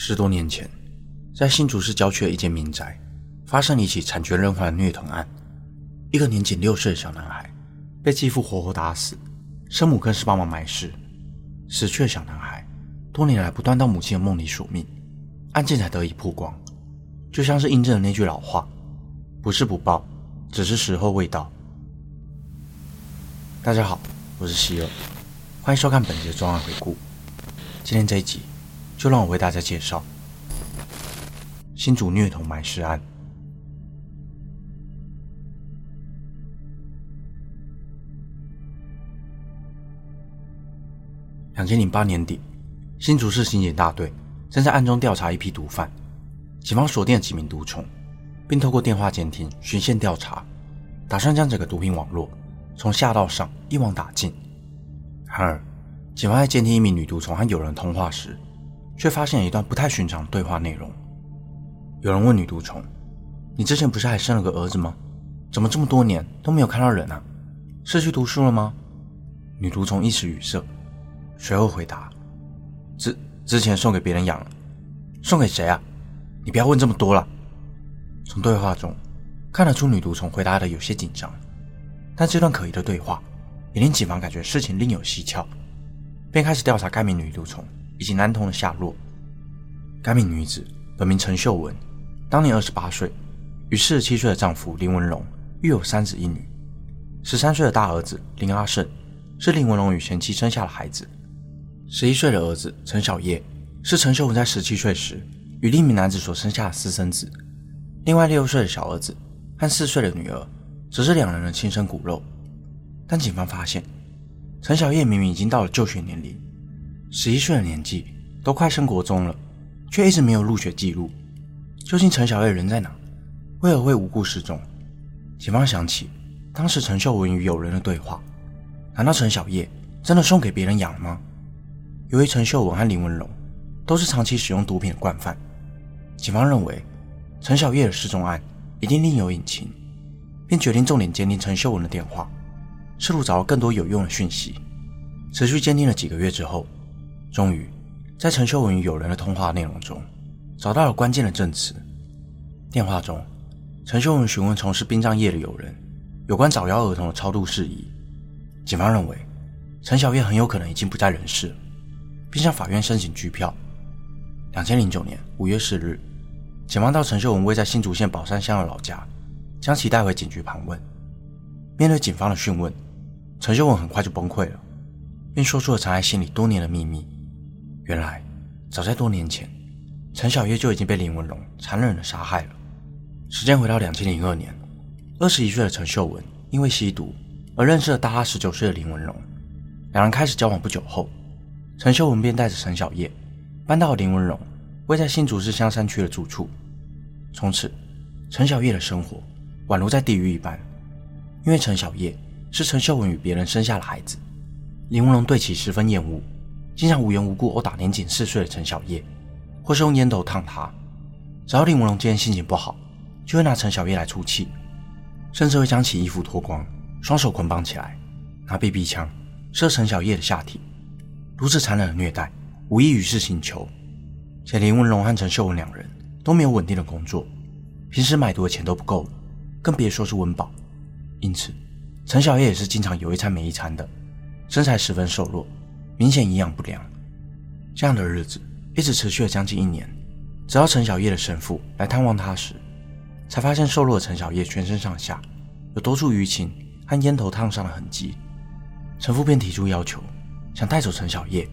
十多年前，在新竹市郊區的一間民宅，發生了一起慘絕人寰的虐童案。一個年僅六歲的小男孩被繼父活活打死，生母更是幫忙埋屍。死去的小男孩多年來不斷到母親的夢裡索命，案件才得以曝光。就像是印證了那句老話：“不是不報，只是時候未到。”大家好，我是希爾，歡迎收看本集的重案回顧。今天這一集。就讓我為大家介紹《新竹虐童埋屍案》。兩千零八年底，新竹市刑警大隊正在暗中調查一批毒販，警方鎖定了幾名毒蟲，並透過電話監聽、循線調查，打算將整個毒品網絡從下到上一網打盡。然而，警方在監聽一名女毒蟲和友人通話時，卻發現了一段不太尋常的對話內容。有人問女毒蟲：“你之前不是還生了個兒子嗎？怎麼這麼多年都沒有看到人啊？是去讀書了嗎？”女毒蟲一時語塞，隨後回答：“之之前送給別人養了，送給誰啊？你不要問這麼多了。”從對話中看得出，女毒蟲回答得有些緊張。但這段可疑的對話也令警方感覺事情另有蹊蹺，便開始調查該名女毒蟲。以及男童的下落。該名女子本名陳秀文，當年二十八歲，與四十七歲的丈夫林文龍育有三子一女。十三歲的大兒子林阿勝是林文龍與前妻生下的孩子，十一歲的兒子陳小葉是陳秀文在十七歲時與另一名男子所生下的私生子。另外六歲的小兒子和四歲的女兒則是兩人的親生骨肉。但警方發現，陳小葉明明已經到了就學年齡。十一歲的年紀，都快升國中了，卻一直沒有入學記錄。究竟陳小月人在哪？為何會無故失蹤？警方想起當時陳秀文與友人的對話，難道陳小葉真的送給別人養了嗎？由於陳秀文和林文龍都是長期使用毒品的慣犯，警方認為陳小葉的失蹤案一定另有隱情，便決定重點監聽陳秀文的電話，試圖找到更多有用的訊息。持續監聽了幾個月之後。終於，在陳秀文與友人的通話的內容中，找到了關鍵的證詞。電話中，陳秀文詢問從事殯葬業的友人有關早夭兒童的超度事宜。警方認為，陳小燕很有可能已經不在人世，並向法院申請拘票。2千零九年五月四日，警方到陳秀文位在新竹縣寶山鄉的老家，將其帶回警局盤問。面對警方的訊問，陳秀文很快就崩潰了，並說出了藏在心裡多年的秘密。原來，早在多年前，陳小葉就已經被林文龍殘忍地殺害了。時間回到兩千零二年，二十一歲的陳秀文因為吸毒而認識了大她十九歲的林文龍，兩人開始交往不久後，陳秀文便帶着陳小葉搬到林文龍位在新竹市香山區的住處。從此，陳小葉的生活宛如在地獄一般，因為陳小葉是陳秀文與別人生下的孩子，林文龍對其十分厭惡。經常無緣無故毆打年僅四歲的陳小葉，或是用煙頭燙他。只要林文龍今天心情不好，就會拿陳小葉來出氣，甚至會將其衣服脫光，雙手捆綁起來，拿 BB 槍射陳小葉的下體，如此殘忍的虐待，無異於是刑求。且林文龍和陳秀文兩人都沒有穩定的工作，平時買毒的錢都不夠，更別說是溫飽。因此，陳小葉也是經常有一餐沒一餐的，身材十分瘦弱。明顯營養不良，這樣的日子一直持續了將近一年。直到陳小葉的生父來探望他時，才發現瘦弱的陳小葉全身上下有多處淤青和菸頭燙傷的痕跡。陳父便提出要求，想帶走陳小葉。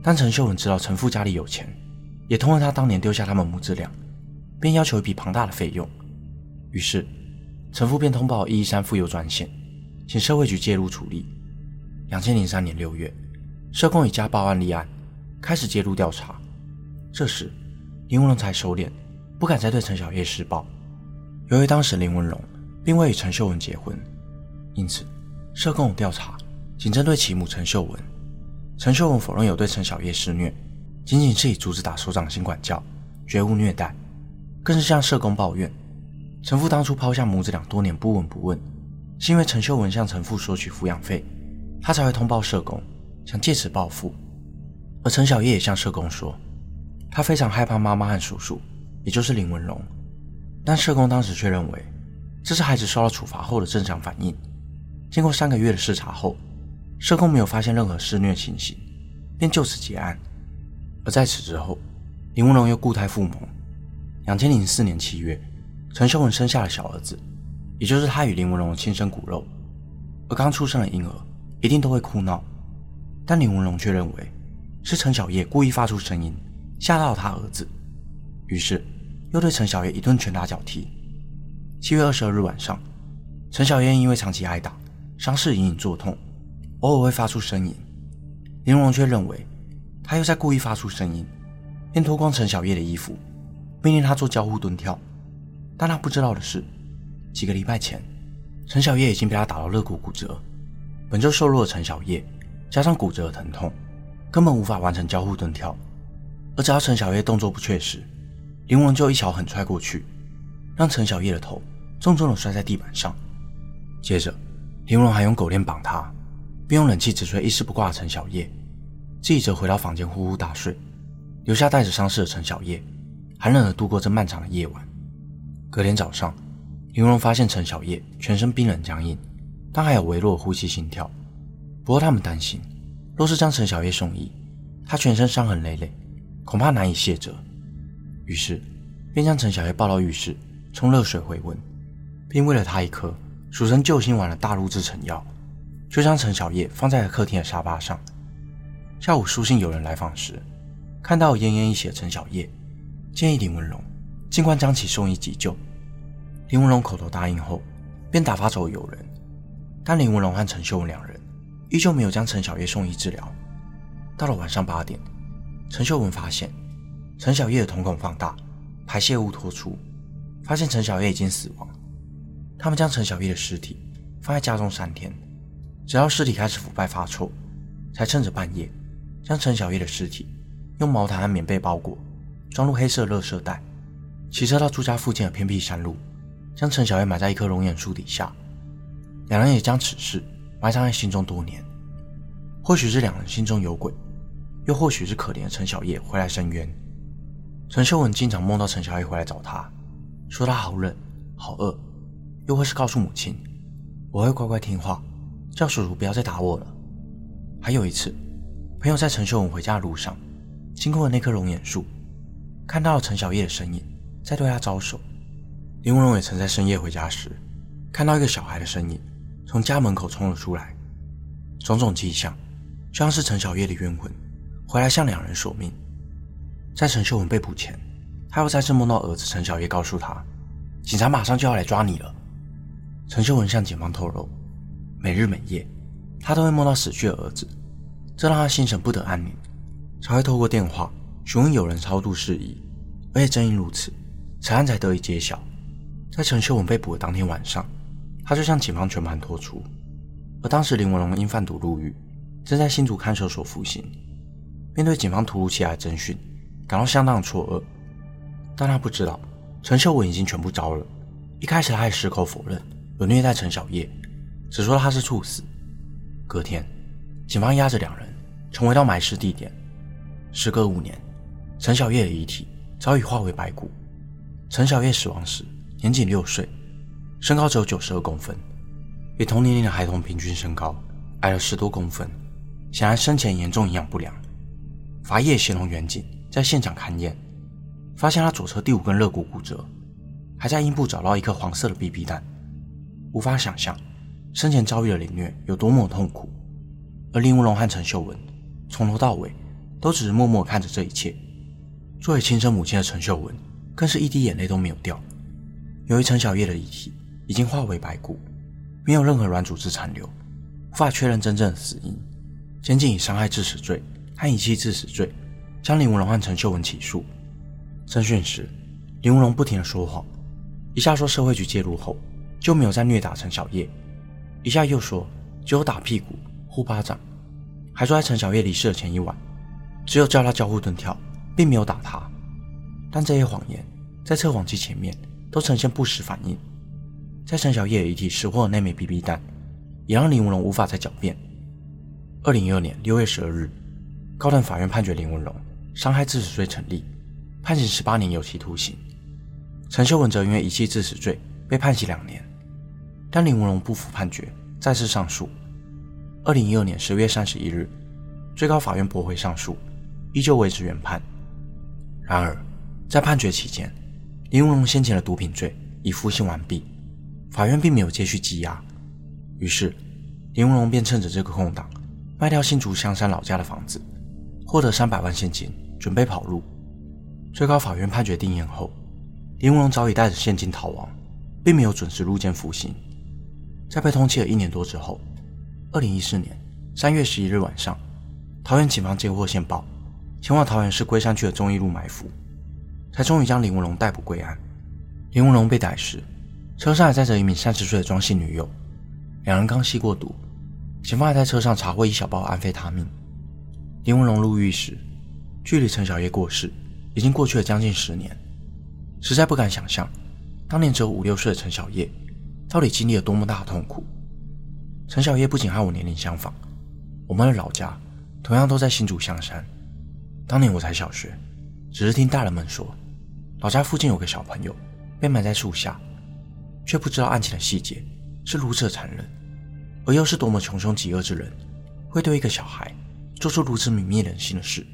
但陳秀文知道陳父家裡有錢，也痛恨他當年丟下他們母子倆，便要求一筆龐大的費用。於是，陳父便通報一一三婦幼專線，請社會局介入處理。兩千零三年六月。社工以家暴案立案，開始介入調查。這時，林文龍才收斂，不敢再對陳小葉施暴。由於當時林文龍並未與陳秀文結婚，因此社工的調查僅針對其母陳秀文。陳秀文否認有對陳小葉施虐，僅僅是以竹子打手掌心管教，絕無虐待。更是向社工抱怨，陳父當初拋下母子倆多年不聞不問，是因為陳秀文向陳父索取撫養費，他才會通報社工。想借此報復，而陳小葉也向社工說，他非常害怕媽媽和叔叔，也就是林文龍。但社工當時卻認為，這是孩子受到處罰後的正常反應。經過三個月的視察後，社工沒有發現任何施虐的情形，便就此結案。而在此之後，林文龍又故態復萌。2004年7月，陳秀文生下了小兒子，也就是他與林文龍的親生骨肉。而剛出生的嬰兒一定都會哭鬧。但林文龍卻認為是陳小葉故意發出聲音嚇到了他兒子，於是又對陳小葉一頓拳打腳踢。七月二十二日晚上，陳小葉因為長期挨打，傷勢隱隱作痛，偶爾會發出聲音。林文龍卻認為他又在故意發出聲音，便脫光陳小葉的衣服，命令他做交互蹲跳。但他不知道的是，幾個禮拜前，陳小葉已經被他打到肋骨骨折，本就瘦弱的陳小葉。加上骨折的疼痛，根本無法完成交互蹲跳。而只要陳小葉動作不確實，林文就一腳狠踹過去，讓陳小葉的頭重重地摔在地板上。接着，林文還用狗鏈綁他，並用冷氣直吹一絲不掛的陳小葉，自己則回到房間呼呼大睡，留下帶着傷勢的陳小葉，寒冷的度過這漫長的夜晚。隔天早上，林文发現陳小葉全身冰冷僵硬，但還有微弱的呼吸心跳。不過他們擔心，若是將陳小葉送醫，他全身傷痕累累，恐怕難以卸責。於是便將陳小葉抱到浴室沖熱水回溫，并餵了他一顆俗稱救心丸的大陸制成藥，就將陳小葉放在了客廳的沙发上。下午，書信有人來訪時，看到奄奄一息的陳小葉，建議林文龍尽快將其送醫急救。林文龍口頭答應後，便打發走友人。但林文龍和陳秀文兩人。依舊沒有將陳小葉送醫治療。到了晚上八點，陳秀文發現陳小葉的瞳孔放大，排泄物脫出，發現陳小葉已經死亡。他們將陳小葉的屍體放在家中三天，直到屍體開始腐敗發臭，才趁着半夜將陳小葉的屍體用毛毯和棉被包裹，裝入黑色垃圾袋，騎車到住家附近的偏僻山路，將陳小葉埋在一棵龍眼樹底下。兩人也將此事。埋藏在心中多年，或許是兩人心中有鬼，又或許是可憐的陳小葉回來伸冤。陳秀文經常夢到陳小葉回來找他，說他好冷、好餓，又或是告訴母親：“我會乖乖聽話，叫叔叔不要再打我了。”還有一次，朋友在陳秀文回家的路上經過了那棵龍眼樹，看到了陳小葉的身影在對他招手。林文榮也曾在深夜回家時看到一個小孩的身影。從家門口衝了出來，種種跡象就像是陳小葉的冤魂回來向兩人索命。在陳秀文被捕前，他又再次夢到兒子陳小月，告訴他，警察馬上就要來抓你了。陳秀文向警方透露，每日每夜他都會夢到死去的兒子，這讓他心神不得安寧，才會透過電話詢問友人超度事宜。而且正因如此，此案才得以揭曉。在陳秀文被捕的當天晚上。他就向警方全盤托出，而當時林文龍因販毒入獄，正在新竹看守所服刑。面對警方突如其來的偵訊，感到相當的錯愕。但他不知道，陳秀文已經全部招了。一開始他還矢口否認有虐待陳小葉，只說他是猝死。隔天，警方押着兩人，重回到埋屍地點。時隔五年，陳小葉的遺體早已化為白骨。陳小葉死亡時年僅六歲。身高只有九十二公分，比同年齡的孩童平均身高矮了十多公分，顯然生前嚴重營養不良。法醫也形容遠景在現場勘驗，發現他左側第五根肋骨骨折，還在陰部找到一顆黃色的 BB 彈，無法想象生前遭遇的凌虐有多麼痛苦。而林吾龍和陳秀文從頭到尾都只是默默看着這一切，作為親生母親的陳秀文更是一滴眼淚都沒有掉。由於陳小葉的遺體，已經化為白骨，沒有任何軟組織殘留，無法確認真正的死因。檢警以傷害致死罪和遺棄致死罪，將林文龍和陳秀文起訴。審訊時，林文龍不停的說謊，一下說社會局介入後就沒有再虐打陳小葉，一下又說只有打屁股、呼巴掌，還說在陳小葉離世的前一晚，只有叫他交互蹲跳，並沒有打他。但這些謊言在測謊機前面都呈現不實反應。在陳小葉遺體拾獲那枚 BB 彈，也讓林文龍無法再狡辯。二零一二年六月十二日，高等法院判決林文龍傷害致死罪成立，判刑十八年有期徒刑。陳秀文則因為遺棄致死罪被判刑兩年。但林文龍不服判決，再次上訴。二零一二年十月三十一日，最高法院駁回上訴，依舊維持原判。然而，在判決期間，林文龍先前的毒品罪已服刑完畢。法院並沒有接續羈押，於是林文龍便趁着這個空檔賣掉新竹香山老家的房子，獲得三百萬現金，準備跑路。最高法院判決定讞後，林文龍早已帶着現金逃亡，並沒有準時入監服刑。在被通緝了一年多之後，二零一四年三月十一日晚上，桃園警方接獲線報，前往桃園市龜山區的忠義路埋伏，才終於將林文龍逮捕歸案。林文龍被逮時，車上還載着一名三十歲的莊姓女友，兩人剛吸過毒。警方還在車上查獲一小包安非他命。林文龍入獄時，距離陳小葉過世已經過去了將近十年，實在不敢想象，當年只有五六歲的陳小葉到底經歷了多麼大的痛苦。陳小葉不僅和我年齡相仿，我們的老家同樣都在新竹香山。當年我才小學，只是聽大人們說，老家附近有個小朋友被埋在樹下。卻不知道案情的細節是如此的殘忍，而又是多麼窮凶極惡之人，會對一個小孩做出如此泯滅人性的事。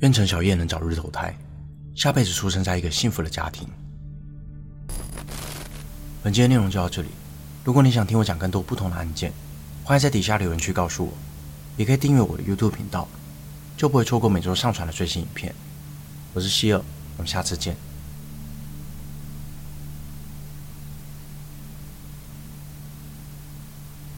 願陳小葉能早日投胎，下輩子出生在一個幸福的家庭。本期的內容就到這裡，如果你想聽我講更多不同的案件，歡迎在底下留言區告訴我，也可以訂閱我的 YouTube 頻道，就不會錯過每周上傳的最新影片。我是希爾，我們下次見。